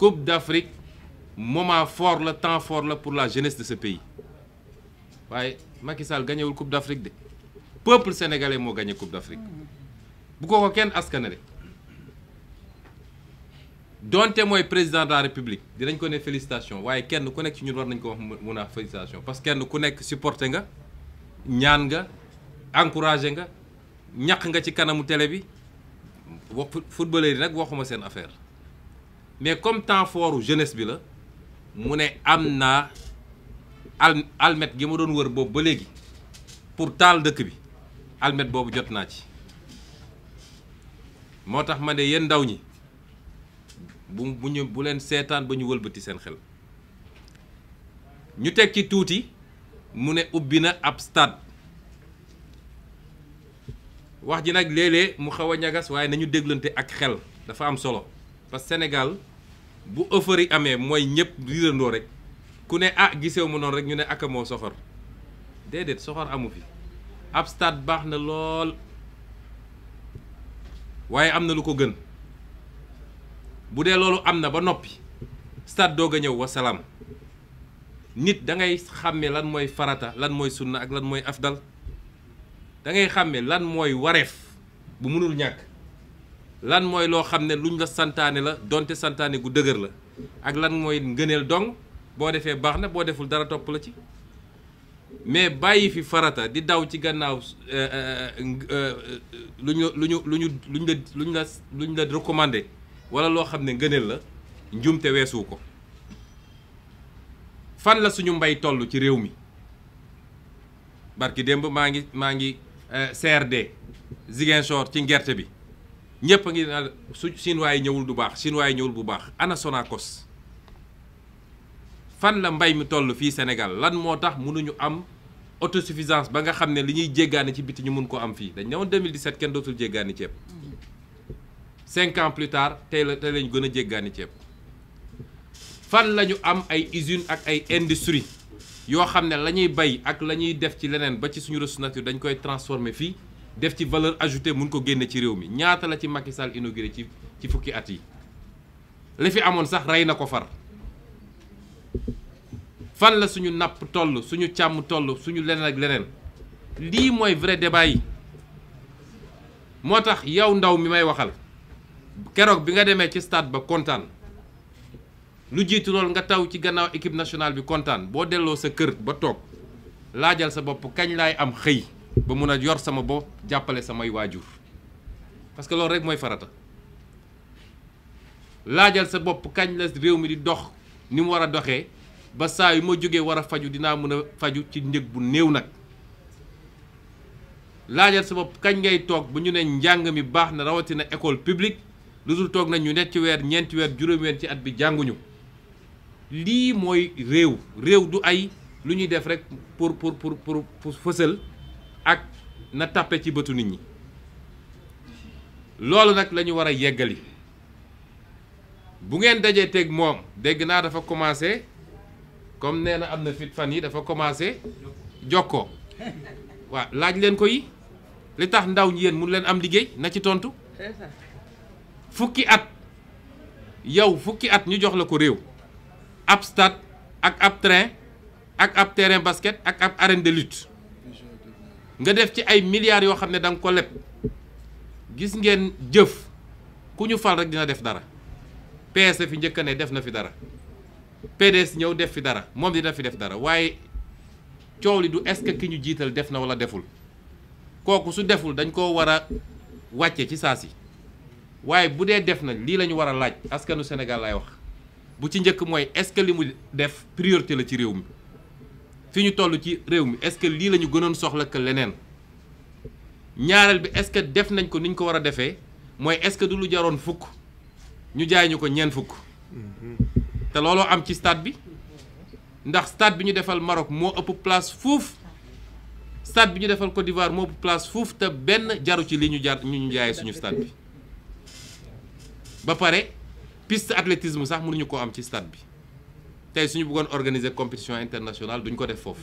coupe d'Afrique moment fort la temps fort la pour la jeunesse de ce pays waaye Macky Sall gañewul coupe d'Afrique de peuple sénégalais moo gañe coupe d'Afrique bu ko ko kenn askanale doonte mooy président de la république dinañ ko ne félicitation waaye kenn ku nekk ci ñun war nañ ko wax mun a félicitation parce que kenn ku nekk supporté nga ñaan nga encouragé nga ñaq nga ci kanamu télé bi wax footballeur yi nag waxuma seen affaire mais comme temps foru jeunesse bi la mu ne am naa al almet gi ma doon wër boobu ba léegi pour taal dëkk bi almet boobu jot naa ci moo tax ma ne yéen ndaw ñi bu bu ñu bu leen seetaan ba ñu wëlbati seen xel ñu teg ci tuuti mu ne ubbi na ab stade wax ji nag léeg-léeg mu xaw a ñagas waaye nañu déglante ak xel dafa am solo parce que Sénégal bu euphorie amee mooy ñëpp riirandoo rek ku ne ah gisew mu noonu rek ñu ne ak moo soxor déedéet soxor amu fi ab stad baax na lool waaye am na lu ko gën bu dee loolu am na ba noppi stad doog a ñëw wasalaam nit dangay ngay xàmme lan mooy farata lan mooy sunna ak lan mooy afdal da ngay xàmme lan mooy wareef bu mënul ñàkk lan mooy loo xam ne luñ la santaane la donte santaane gu dëgër la ak lan mooy ngëneel dong boo defee baax na boo deful dara topp la ci mais bàyyi fi farata di daw ci gannaaw euh, euh, euh, lu ñu lu ñu lu ñu luñ la luñ la luñ la recommandé wala loo xam ne ngëneel la njumte weesu ko fan la suñu mbay toll ci réew mi barki démb maa ngi maa ngi CRD Ziguinchor ci ngerte bi ñëpp a ngi naan su chinois yi ñëwul du baax chinois yi ñëwul bu baax ana Sonacos fan la mbay mi toll fii Sénégal lan moo tax mënuñu am autosuffisance ba nga xam ne li ñuy jéggaane ci biti ñu mun ko am fii dañ ne woon 2017 kenn dootul jéggaani ceeb cinq ans plus tard tey la tey lañu gën a jéggaani ceeb fan lañu am ay usines ak ay industrie yoo xam ne la ñuy bay ak la ñuy def ci leneen ba ci suñu ressource nature dañ koy transformer fii def ci valeur ajoutée mun ko génne ci réew mi ñaata la ci Macky Sall inauguré ci ci fukki at yi li fi amoon sax rey na ko far fan la suñu napp toll suñu càmm toll suñu leneen ak leneen lii mooy vrai débat yi moo tax yow ndaw mi may waxal keroog bi nga demee ci stade ba kontaan lu jiitu loolu nga taw ci gannaaw équipe nationale bi kontaan boo delloo sa kër ba toog laajal sa bopp kañ laay am xëy ba mun a yor sama bopp jàppale samay waajur parce que loolu rek mooy farata laajal sa bopp kañ la réew mi di dox ni mu war a doxee ba saa yu ma jógee war a faju dinaa mën a faju ci njëg bu néew nag laajal sa bopp kañ ngay toog bu ñu ne njàng mi baax na rawatina école publique lu dul toog nañ ñu nekk ci weer ñeenti weer juróomi weer ci at bi jànguñu lii mooy réew réew du ay lu ñuy def rek pour pour pour pour fësal ak na tàppe ci bëtu nit ñi loolu nag lañu ñu war a yeggali bu ngeen dajee teg moom dégg naa dafa commencé comme nee na am na fit fan yi dafa commencé ko waaw laaj leen ko yi li tax ndaw ñi yéen mun leen am liggéey na ci tontu fukki at yow fukki at ñu jox la ko réew ab stat ak ab train ak ab terrain basket ak ab arène de nga def ci ay milliards yoo xam ne da nga ko leb gis ngeen jëf ku ñu fal rek dina def dara PS fi njëkk ne def na fi dara PDS ñëw def fi dara moom dina fi def dara waaye coow li du est ki ñu jiital def na walla deful kooku su deful dañ koo war a wàcce ci saa si waaye bu dee def na lii la ñu war a laaj askanu Sénégal laay wax bu ci njëkk mooy est-ce que li mu def priorité la ci réew mi. fi ñu toll ci réew mi est-ce lii la ñu gënoon soxla que leneen ñaareel bi est-ce que def nañ ko ni ñu ko war a defee mooy est-ce que du jaroon fukk ñu jaay ñu ko ñeen fukk mm-hmm. te looloo am ci stade bi ndax stade bi ñu defal Maroc moo ëpp place fuuf stade bi ñu defal Côte d'Ivoire moo ëpp place fuuf te benn jaru ci li ñu jar ñu ñu suñu stade bi ba pare piste athlétisme sax mënuñu koo am ci stade bi tey suñu buggoon organiser compétition internationale duñ ko def foofu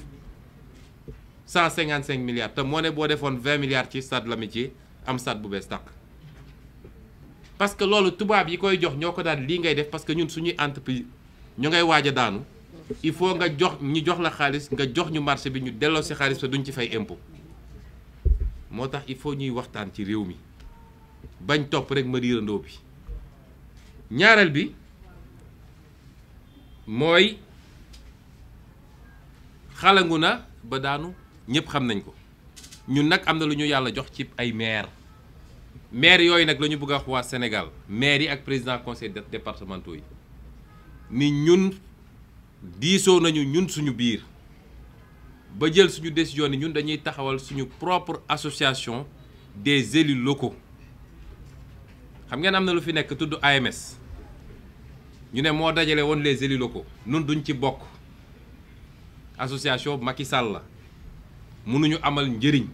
cent cinquante cinq milliards te moo ne boo defoon vingt milliards ci stade l'Amitié am stade bu bees tàq parce que loolu tubaab yi koy jox ñoo ko daan lii ngay def parce que ñun suñuy entreprise ñu ngay waaj a daanu il faut nga jox ñu jox la xaalis nga jox ñu marché bi ñu delloo si xaalis te duñ ci fay impo moo tax il faut ñuy waxtaan ci réew mi bañ topp rek ma riirandoo bi ñaareel bi mooy xalangu na ba daanu ñëpp xam nañ ko ñun nag am na lu ñu yàlla jox ci ay maire maire yooyu nag la ñu bëgg a wax waa maire yi ak président conseil départementaux yi ni ñun diisoo nañu ñun suñu biir ba jël suñu décision ni ñun dañuy taxawal suñu propre association des élus locaux xam ngeen am na lu fi nekk tudd AMS ñu ne moo dajale woon les élus ko nun duñ ci bokk association Macky Sall la mënuñu amal njëriñ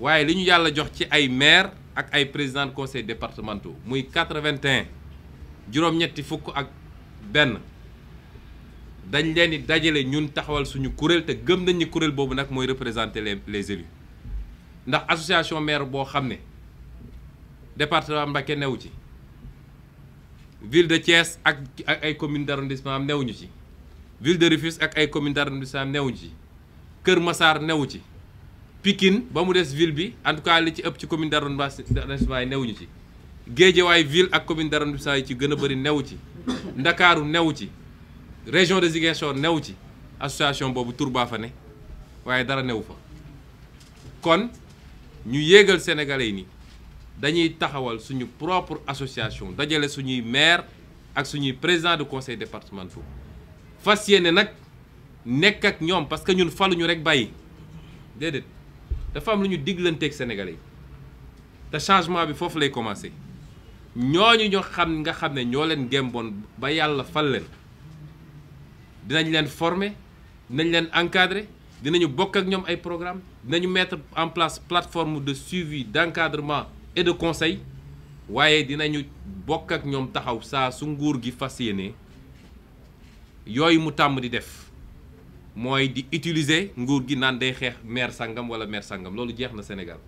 waaye li ñu yàlla jox ci ay maire ak ay président de conseil départementaux muy quatre-vingt-un juróom fukk ak benn dañ leen di dajale ñun taxawal suñu kuréel te gëm nañ ni kuréel boobu nag mooy représenter les les élus ndax association maire boo xam ne département Mbacké newu ci ville de Thiès ak ak ay communes d' arrondissement am ci ville de Rufisque ak ay communes d' arrondissement am ci Kër Massar newu ci Pikine ba mu des ville bi en tout li ci ëpp ci commune d' new ñu newuñu ci Géejawaay ville ak commune d' yi ci gën a bëri newu ci Ndakaaru new ci région de Ziguinchor newu ci association boobu tur baa fa ne waaye dara new fa kon ñu yéegal sénégalais yi nii dañuy taxawal suñu propre association dajale suñuy maire ak suñuy président de conseil départemental fas yéene nag nekk ak ñoom parce que ñun faluñu rek bàyyi déedéet dafa am lu ñu diglanteeg sénégalais yi te changement bi foofu lay commencé ñooñu ñoo xam nga xam ne ñoo leen gémboon ba yàlla fal leen dinañ leen former dinañ leen encadrer dinañu bokk ak ñoom ay programme dinañu mettre en place plateforme de suivi d'encadrement et de conseil waaye dinañu bokk ak ñoom taxaw saa su nguur gi fas yéene yooyu mu tàmm di def mooy di utiliser nguur gi naan day xeex maire sangam wala maire sangam loolu jeex na senegal